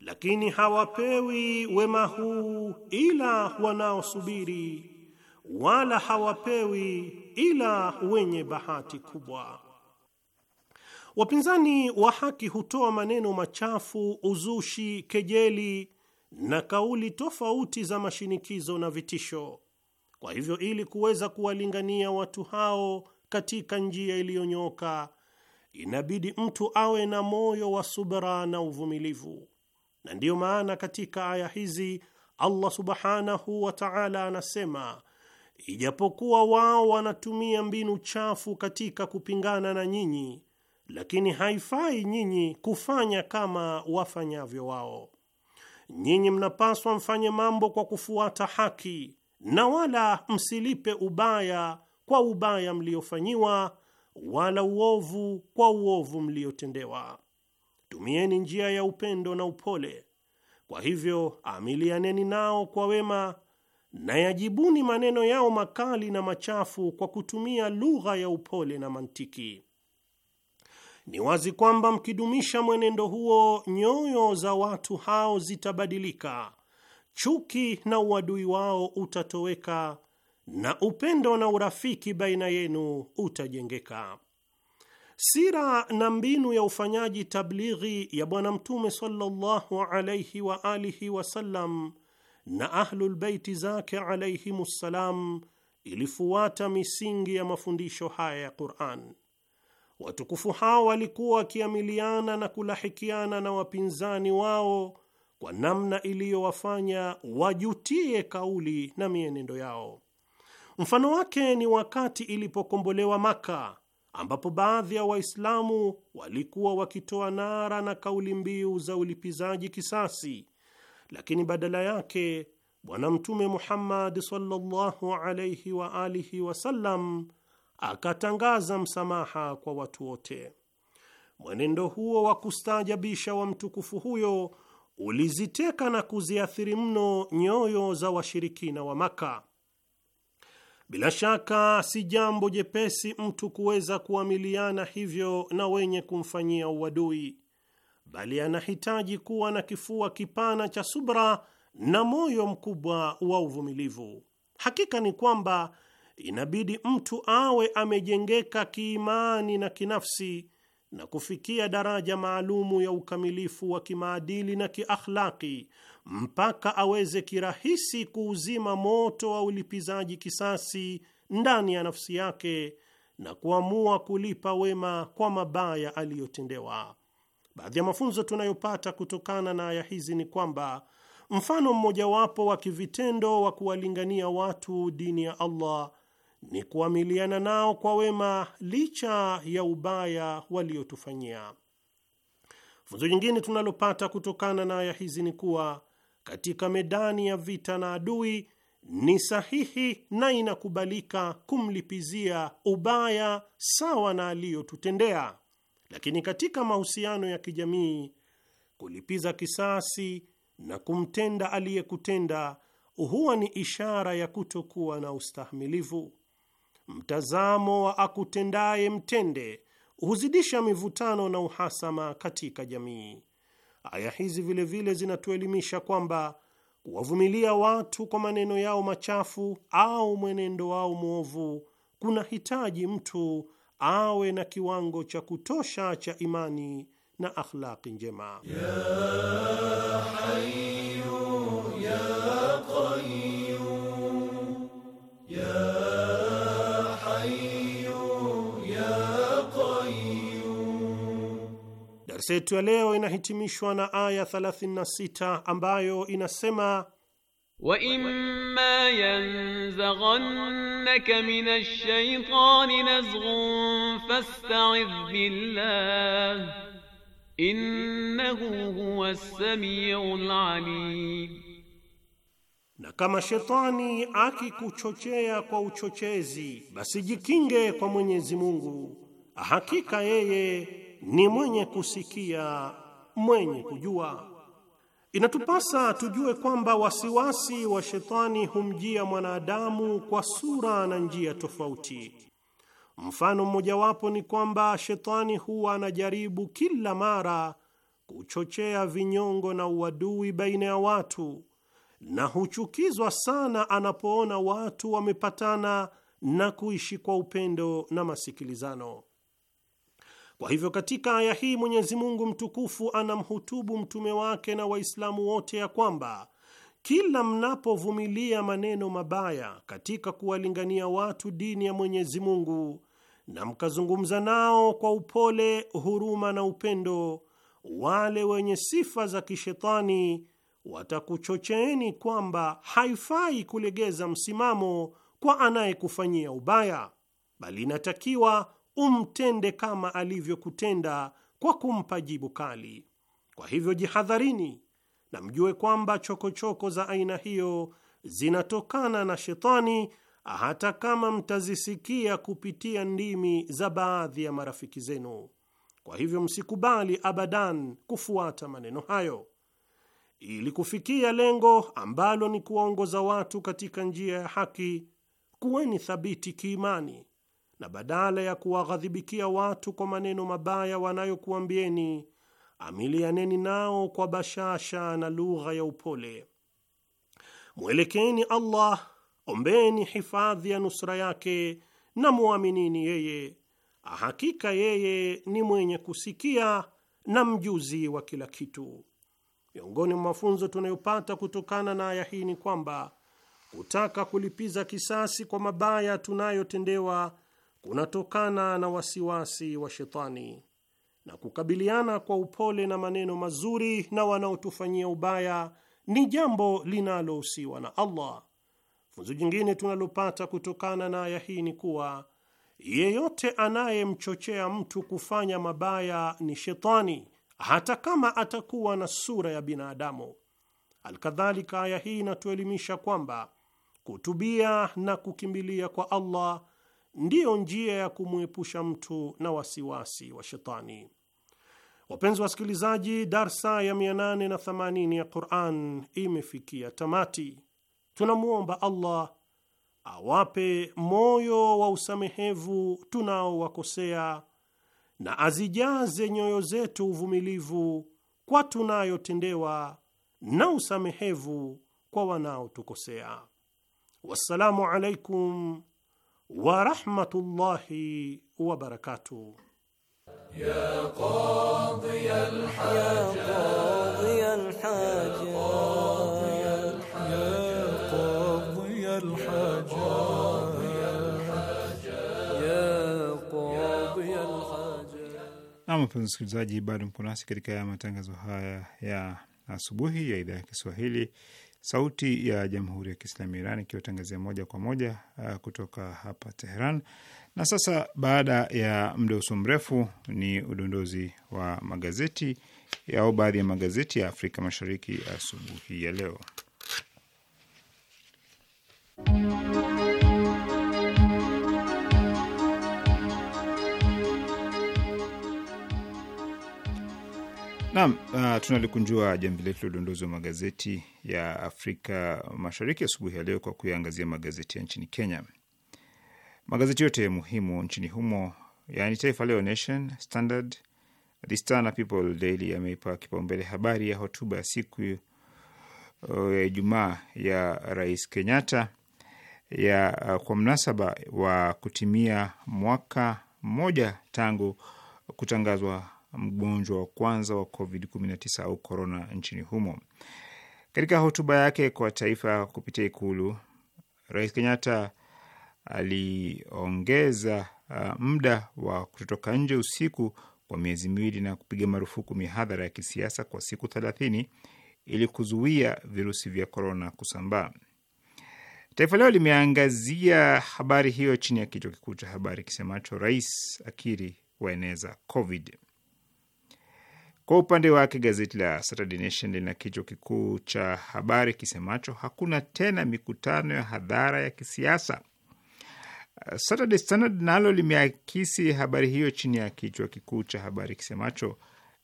lakini hawapewi wema huu ila wanaosubiri, wala hawapewi ila wenye bahati kubwa. Wapinzani wa haki hutoa maneno machafu, uzushi, kejeli na kauli tofauti za mashinikizo na vitisho. Kwa hivyo, ili kuweza kuwalingania watu hao katika njia iliyonyoka, inabidi mtu awe na moyo wa subra na uvumilivu, na ndiyo maana katika aya hizi Allah subhanahu wa ta'ala anasema Ijapokuwa wao wanatumia mbinu chafu katika kupingana na nyinyi, lakini haifai nyinyi kufanya kama wafanyavyo wao. Nyinyi mnapaswa mfanye mambo kwa kufuata haki na wala msilipe ubaya kwa ubaya mliofanyiwa, wala uovu kwa uovu mliotendewa. Tumieni njia ya upendo na upole. Kwa hivyo, amilianeni nao kwa wema na yajibuni maneno yao makali na machafu kwa kutumia lugha ya upole na mantiki. Ni wazi kwamba mkidumisha mwenendo huo, nyoyo za watu hao zitabadilika, chuki na uadui wao utatoweka, na upendo na urafiki baina yenu utajengeka. Sira na mbinu ya ufanyaji tablighi ya Bwana Mtume sallallahu alaihi wa alihi wasallam na Ahlulbeiti zake alaihimussalam ilifuata misingi ya mafundisho haya ya Quran. Watukufu hao walikuwa wakiamiliana na kulahikiana na wapinzani wao kwa namna iliyowafanya wajutie kauli na mienendo yao. Mfano wake ni wakati ilipokombolewa Maka, ambapo baadhi ya Waislamu walikuwa wakitoa nara na kauli mbiu za ulipizaji kisasi, lakini badala yake Bwana Mtume Muhammad sallallahu alaihi wa alihi wasallam akatangaza msamaha kwa watu wote. Mwenendo huo wa kustaajabisha wa mtukufu huyo uliziteka na kuziathiri mno nyoyo za washirikina wa Maka. Bila shaka si jambo jepesi mtu kuweza kuamiliana hivyo na wenye kumfanyia uadui, bali anahitaji kuwa na kifua kipana cha subra na moyo mkubwa wa uvumilivu. Hakika ni kwamba inabidi mtu awe amejengeka kiimani na kinafsi na kufikia daraja maalumu ya ukamilifu wa kimaadili na kiakhlaki mpaka aweze kirahisi kuuzima moto wa ulipizaji kisasi ndani ya nafsi yake na kuamua kulipa wema kwa mabaya aliyotendewa. Baadhi ya mafunzo tunayopata kutokana na aya hizi ni kwamba mfano mmojawapo wa kivitendo wa kuwalingania watu dini ya Allah ni kuamiliana nao kwa wema licha ya ubaya waliotufanyia. Funzo nyingine tunalopata kutokana na aya hizi ni kuwa katika medani ya vita na adui ni sahihi na inakubalika kumlipizia ubaya sawa na aliyotutendea, lakini katika mahusiano ya kijamii kulipiza kisasi na kumtenda aliyekutenda huwa ni ishara ya kutokuwa na ustahimilivu mtazamo wa akutendaye mtende huzidisha mivutano na uhasama katika jamii. Aya hizi vilevile zinatuelimisha kwamba kuwavumilia watu kwa maneno yao machafu au mwenendo wao mwovu kuna hitaji mtu awe na kiwango cha kutosha cha imani na akhlaqi njema ya Darsa yetu ya leo inahitimishwa na aya 36 ambayo inasema wa imma yanzaghannaka ash shaitani nazghun fasta'idh billah innahu huwas samiul alim, na kama shetani akikuchochea kwa uchochezi, basi jikinge kwa Mwenyezi Mungu, hakika yeye ni mwenye kusikia, mwenye kujua. Inatupasa tujue kwamba wasiwasi wa shetani humjia mwanadamu kwa sura na njia tofauti. Mfano mmojawapo ni kwamba shetani huwa anajaribu kila mara kuchochea vinyongo na uadui baina ya watu, na huchukizwa sana anapoona watu wamepatana na kuishi kwa upendo na masikilizano. Kwa hivyo katika aya hii Mwenyezi Mungu mtukufu anamhutubu mtume wake na Waislamu wote ya kwamba kila mnapovumilia maneno mabaya katika kuwalingania watu dini ya Mwenyezi Mungu na mkazungumza nao kwa upole, huruma na upendo, wale wenye sifa za kishetani watakuchocheeni kwamba haifai kulegeza msimamo kwa anayekufanyia ubaya, bali inatakiwa umtende kama alivyokutenda kwa kumpa jibu kali. Kwa hivyo jihadharini na mjue kwamba chokochoko za aina hiyo zinatokana na shetani, hata kama mtazisikia kupitia ndimi za baadhi ya marafiki zenu. Kwa hivyo msikubali abadan kufuata maneno hayo. Ili kufikia lengo ambalo ni kuwaongoza watu katika njia ya haki, kuweni thabiti kiimani na badala ya kuwaghadhibikia watu kwa maneno mabaya wanayokuambieni, amilianeni nao kwa bashasha na lugha ya upole. Mwelekeni Allah, ombeni hifadhi ya nusra yake na muaminini yeye, hakika yeye ni mwenye kusikia na mjuzi wa kila kitu. Miongoni mwa mafunzo tunayopata kutokana na aya hii ni kwamba kutaka kulipiza kisasi kwa mabaya tunayotendewa kunatokana na wasiwasi wa shetani, na kukabiliana kwa upole na maneno mazuri na wanaotufanyia ubaya ni jambo linalohusiwa na Allah. Funzo jingine tunalopata kutokana na aya hii ni kuwa yeyote anayemchochea mtu kufanya mabaya ni shetani, hata kama atakuwa na sura ya binadamu. Alkadhalika, aya hii inatuelimisha kwamba kutubia na kukimbilia kwa Allah ndiyo njia ya kumwepusha mtu na wasiwasi wa shetani. Wapenzi wasikilizaji, darsa ya 880 ya Quran imefikia tamati. Tunamwomba Allah awape moyo wa usamehevu tunaowakosea na azijaze nyoyo zetu uvumilivu kwa tunayotendewa na usamehevu kwa wanaotukosea. Wassalamu alaikum wa rahmatullahi wa barakatuh. Nam, msikilizaji, bado mko nasi katika matangazo haya ya asubuhi ya idhaa ya Kiswahili Sauti ya Jamhuri ya Kiislamu ya Iran ikiwatangazia moja kwa moja uh, kutoka hapa Teheran. Na sasa baada ya muda usio mrefu ni udondozi wa magazeti au baadhi ya magazeti ya Afrika Mashariki asubuhi ya leo. Naam, uh, tunalikunjua jamvi letu la udondozi wa magazeti ya Afrika Mashariki asubuhi ya leo kwa kuyaangazia magazeti ya nchini Kenya. Magazeti yote muhimu nchini humo, yaani Taifa Leo, Nation, Standard, The Star na People Daily yameipa kipaumbele habari ya hotuba ya siku uh, ya Ijumaa ya Rais Kenyatta ya uh, kwa mnasaba wa kutimia mwaka mmoja tangu kutangazwa mgonjwa wa kwanza wa COVID-19 au korona nchini humo. Katika hotuba yake kwa taifa kupitia Ikulu, Rais Kenyatta aliongeza uh, muda wa kutotoka nje usiku kwa miezi miwili na kupiga marufuku mihadhara ya kisiasa kwa siku thelathini ili kuzuia virusi vya korona kusambaa. Taifa Leo limeangazia habari hiyo chini ya kichwa kikuu cha habari kisemacho rais akiri waeneza COVID. Kwa upande wake gazeti la Saturday Nation lina kichwa kikuu cha habari kisemacho hakuna tena mikutano ya hadhara ya kisiasa. Uh, Saturday Standard nalo limeakisi habari hiyo chini ya kichwa kikuu cha habari kisemacho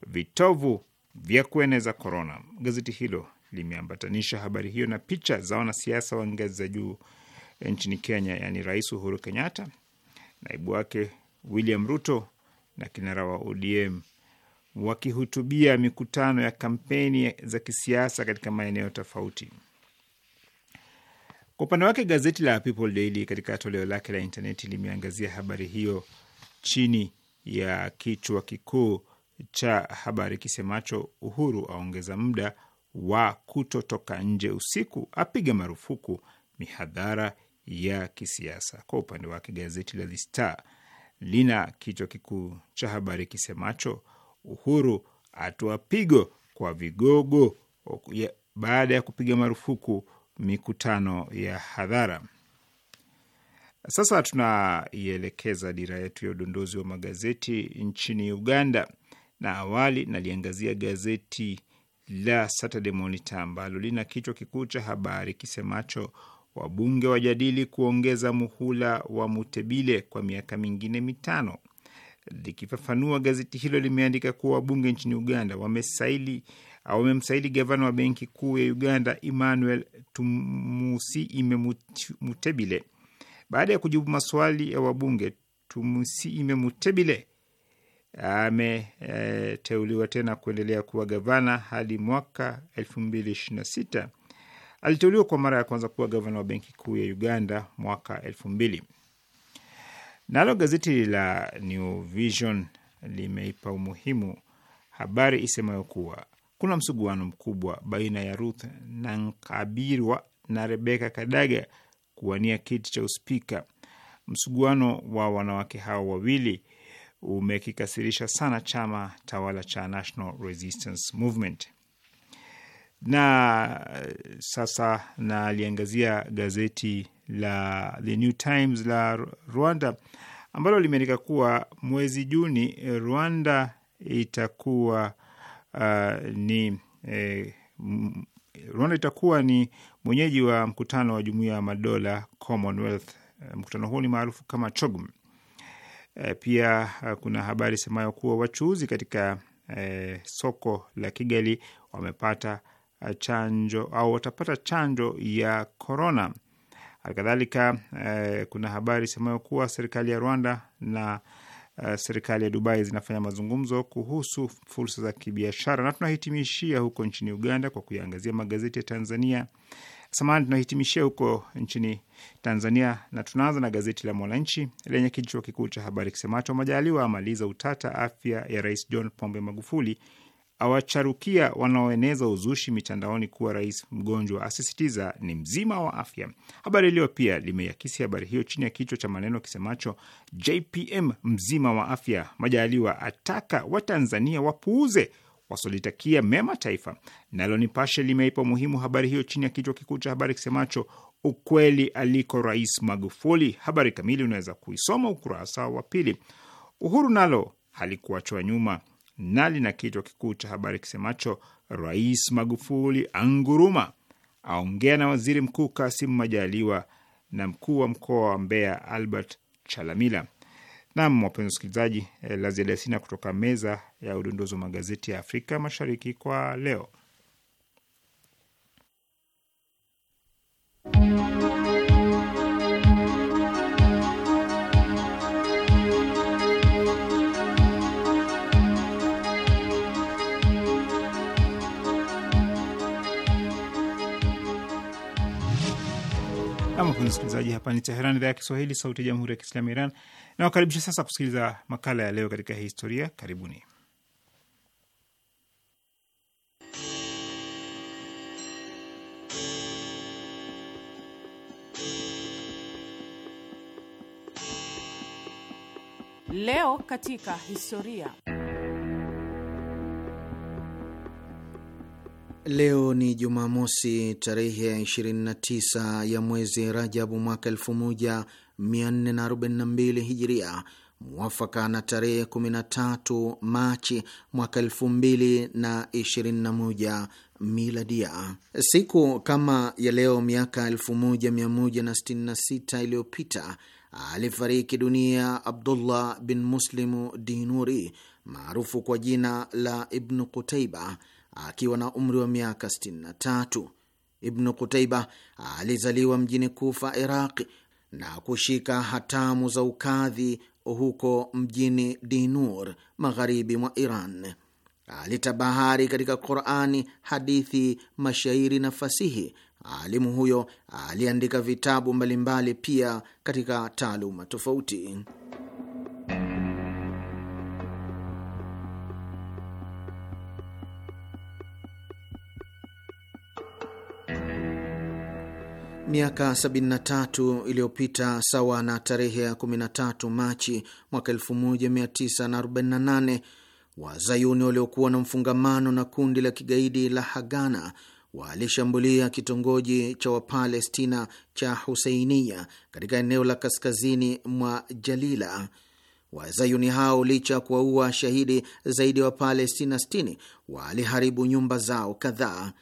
vitovu vya kueneza korona. Gazeti hilo limeambatanisha habari hiyo na picha za wanasiasa wa ngazi za juu nchini Kenya, yaani Rais Uhuru Kenyatta, naibu wake William Ruto na kinara wa ODM wakihutubia mikutano ya kampeni za kisiasa katika maeneo tofauti. Kwa upande wake, gazeti la People Daily katika toleo lake la intaneti limeangazia habari hiyo chini ya kichwa kikuu cha habari kisemacho Uhuru aongeza muda wa kutotoka nje usiku, apiga marufuku mihadhara ya kisiasa. Kwa upande wake, gazeti la The Star lina kichwa kikuu cha habari kisemacho Uhuru atoa pigo kwa vigogo baada ya kupiga marufuku mikutano ya hadhara. Sasa tunaielekeza dira yetu ya udondozi wa magazeti nchini Uganda, na awali naliangazia gazeti la Saturday Monitor ambalo lina kichwa kikuu cha habari kisemacho wabunge wajadili kuongeza muhula wa Mutebile kwa miaka mingine mitano. Likifafanua, gazeti hilo limeandika kuwa wabunge nchini Uganda wamesaili wamemsaili gavana wa benki kuu ya Uganda Emmanuel Tumusiime Mutebile baada ya kujibu maswali ya wabunge. Tumusiime Mutebile ameteuliwa tena kuendelea kuwa gavana hadi mwaka 2026. Aliteuliwa kwa mara ya kwanza kuwa gavana wa benki kuu ya Uganda mwaka elfu mbili Nalo gazeti la New Vision limeipa umuhimu habari isemayo kuwa kuna msuguano mkubwa baina ya Ruth Nankabirwa na Rebeka Kadaga kuwania kiti cha uspika. Msuguano wa wanawake hao wawili umekikasirisha sana chama tawala cha National Resistance Movement na eh, sasa naliangazia gazeti la The New Times la Rwanda ambalo limeandika kuwa mwezi Juni eh, Rwanda itakuwa uh, ni eh, Rwanda itakuwa ni mwenyeji wa mkutano wa Jumuiya ya Madola Commonwealth. Mkutano huu ni maarufu kama CHOGM. E, pia kuna habari semayo kuwa wachuuzi katika e, soko la Kigali wamepata Eh, chanjo au watapata chanjo ya korona. Halikadhalika eh, kuna habari semayo kuwa serikali ya Rwanda na eh, serikali ya Dubai zinafanya mazungumzo kuhusu fursa za kibiashara. Na tunahitimishia huko nchini Uganda kwa kuiangazia magazeti ya Tanzania. Samahani, tunahitimishia huko nchini Tanzania na tunaanza na gazeti la Mwananchi lenye kichwa kikuu cha habari kisemacho Majaliwa amaliza utata afya ya Rais John Pombe Magufuli awacharukia wanaoeneza uzushi mitandaoni kuwa rais mgonjwa, asisitiza ni mzima wa afya. Habari Leo pia limeiakisi habari hiyo chini ya kichwa cha maneno kisemacho JPM mzima wa afya. Majaliwa ataka Watanzania wapuuze wasolitakia mema taifa. Nalo Nipashe limeipa umuhimu habari hiyo chini ya kichwa kikuu cha habari kisemacho ukweli aliko Rais Magufuli. Habari kamili unaweza kuisoma ukurasa wa pili. Uhuru nalo halikuachwa nyuma na lina kichwa kikuu cha habari kisemacho Rais Magufuli anguruma, aongea na waziri mkuu Kasim Majaliwa na mkuu wa mkoa wa Mbeya Albert Chalamila. Nam, wapenzi wasikilizaji, eh, la ziada sina kutoka meza ya udondozi wa magazeti ya Afrika Mashariki kwa leo. wapenzi msikilizaji, hapa ni Teheran, idhaa ya Kiswahili, sauti ya jamhuri ya kiislamu ya Iran. Nawakaribisha sasa kusikiliza makala ya leo katika historia. Karibuni. Leo katika historia Leo ni Jumamosi, tarehe ya 29 ya mwezi Rajabu mwaka 1442 Hijiria, muwafaka na tarehe 13 Machi mwaka 2021 Miladia. Siku kama ya leo miaka 1166 iliyopita alifariki dunia Abdullah bin Muslimu Dinuri maarufu kwa jina la Ibnu Qutaiba akiwa na umri wa miaka 63. Ibnu Qutaiba alizaliwa mjini Kufa, Iraq, na kushika hatamu za ukadhi huko mjini Dinur, magharibi mwa Iran. Alitabahari katika Qurani, hadithi, mashairi na fasihi. Alimu huyo aliandika vitabu mbalimbali pia katika taaluma tofauti. Miaka 73 iliyopita sawa na tarehe ya 13 Machi mwaka 1948 wazayuni waliokuwa na mfungamano na kundi la kigaidi la Hagana walishambulia kitongoji cha Wapalestina cha Huseiniya katika eneo la kaskazini mwa Jalila. Wazayuni hao licha ya kuwaua shahidi zaidi ya Wapalestina 60 waliharibu nyumba zao kadhaa.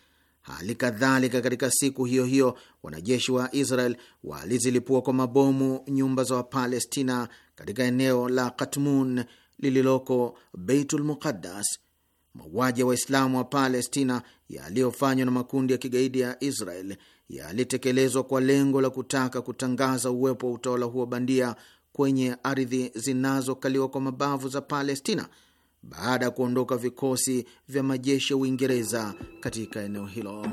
Hali kadhalika katika siku hiyo hiyo wanajeshi wa Israel walizilipua kwa mabomu nyumba za Wapalestina katika eneo la Katmun lililoko Beitul Muqaddas. Mauaji ya Waislamu wa Palestina yaliyofanywa na makundi ya kigaidi ya Israel yalitekelezwa kwa lengo la kutaka kutangaza uwepo wa utawala huo bandia kwenye ardhi zinazokaliwa kwa mabavu za Palestina baada ya kuondoka vikosi vya majeshi ya Uingereza katika eneo hilo.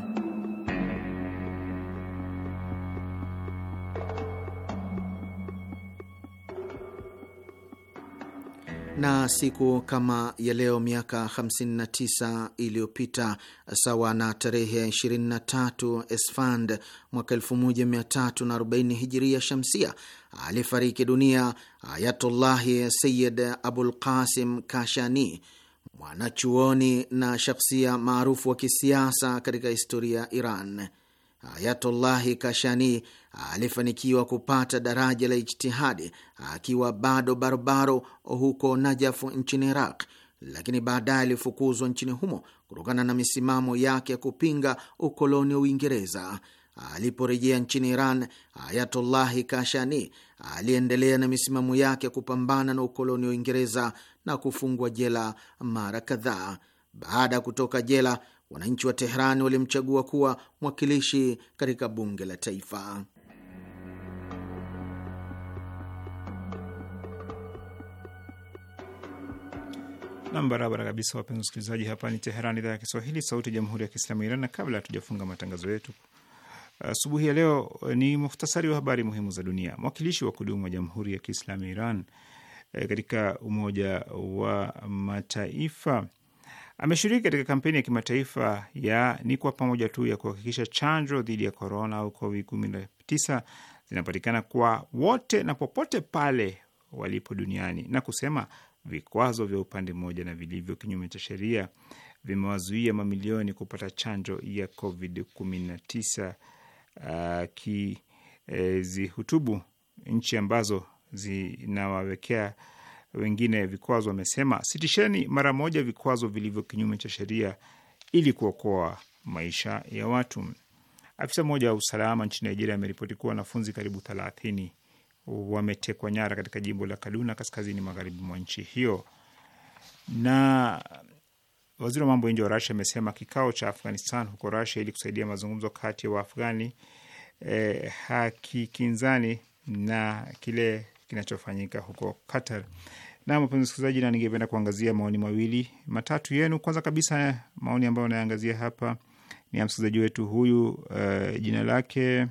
na siku kama ya leo miaka 59 iliyopita sawa na tarehe 23 Esfand mwaka 1340 hijiria shamsia alifariki dunia Ayatullahi Sayid Abul Qasim Kashani, mwanachuoni na shakhsia maarufu wa kisiasa katika historia ya Iran. Ayatullahi Kashani alifanikiwa kupata daraja la ijtihadi akiwa bado barobaro huko Najafu nchini Iraq, lakini baadaye alifukuzwa nchini humo kutokana na misimamo yake ya kupinga ukoloni wa Uingereza. Aliporejea nchini Iran, Ayatullahi Kashani aliendelea na misimamo yake ya kupambana na ukoloni wa Uingereza na kufungwa jela mara kadhaa. Baada ya kutoka jela, wananchi wa Teherani walimchagua kuwa mwakilishi katika bunge la taifa. Nam, barabara kabisa, wapenzi wasikilizaji. Hapa ni Teherani, idhaa ya Kiswahili, sauti ya jamhuri ya kiislamu ya Iran. Na kabla hatujafunga matangazo yetu Asubuhi ya leo eh, ni muhtasari wa habari muhimu za dunia. Mwakilishi wa kudumu wa Jamhuri ya Kiislamu ya Iran eh, katika Umoja wa Mataifa ameshiriki katika kampeni ya kimataifa ya ni kwa pamoja tu ya kuhakikisha chanjo dhidi ya korona au Covid 19 zinapatikana kwa wote na popote pale walipo duniani na kusema vikwazo vya upande mmoja na vilivyo kinyume cha sheria vimewazuia mamilioni kupata chanjo ya Covid 19 akizihutubu nchi ambazo zinawawekea wengine vikwazo, amesema sitisheni mara moja vikwazo vilivyo kinyume cha sheria ili kuokoa maisha ya watu. Afisa mmoja wa usalama nchini Nigeria ameripoti kuwa wanafunzi karibu thelathini wametekwa nyara katika jimbo la Kaduna, kaskazini magharibi mwa nchi hiyo na Waziri wa mambo ya nje wa Rasia amesema kikao cha Afghanistan huko Rasia ili kusaidia mazungumzo kati ya Waafghani eh, hakikinzani na kile kinachofanyika huko Qatar. Na mpenzi msikilizaji, na ningependa kuangazia maoni mawili matatu yenu. Kwanza kabisa maoni ambayo naangazia hapa ni msikilizaji wetu huyu uh, jina lake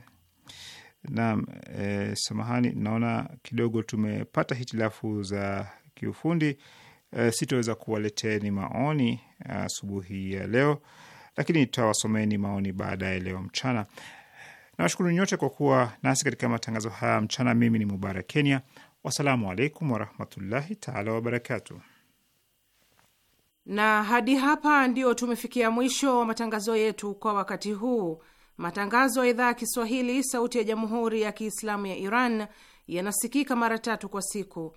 naam, eh, samahani, naona kidogo tumepata hitilafu za kiufundi sitaweza eh, sitoweza kuwaleteni maoni eh, asubuhi ya leo, lakini tutawasomeni maoni baada ya leo mchana. Nawashukuru nyote kwa kuwa nasi katika matangazo haya mchana. Mimi ni Mubarak Kenya, wassalamu alaikum warahmatullahi taala wabarakatu. Na hadi hapa ndio tumefikia mwisho wa matangazo yetu kwa wakati huu. Matangazo ya idhaa ya Kiswahili sauti ya jamhuri ya Kiislamu ya Iran yanasikika mara tatu kwa siku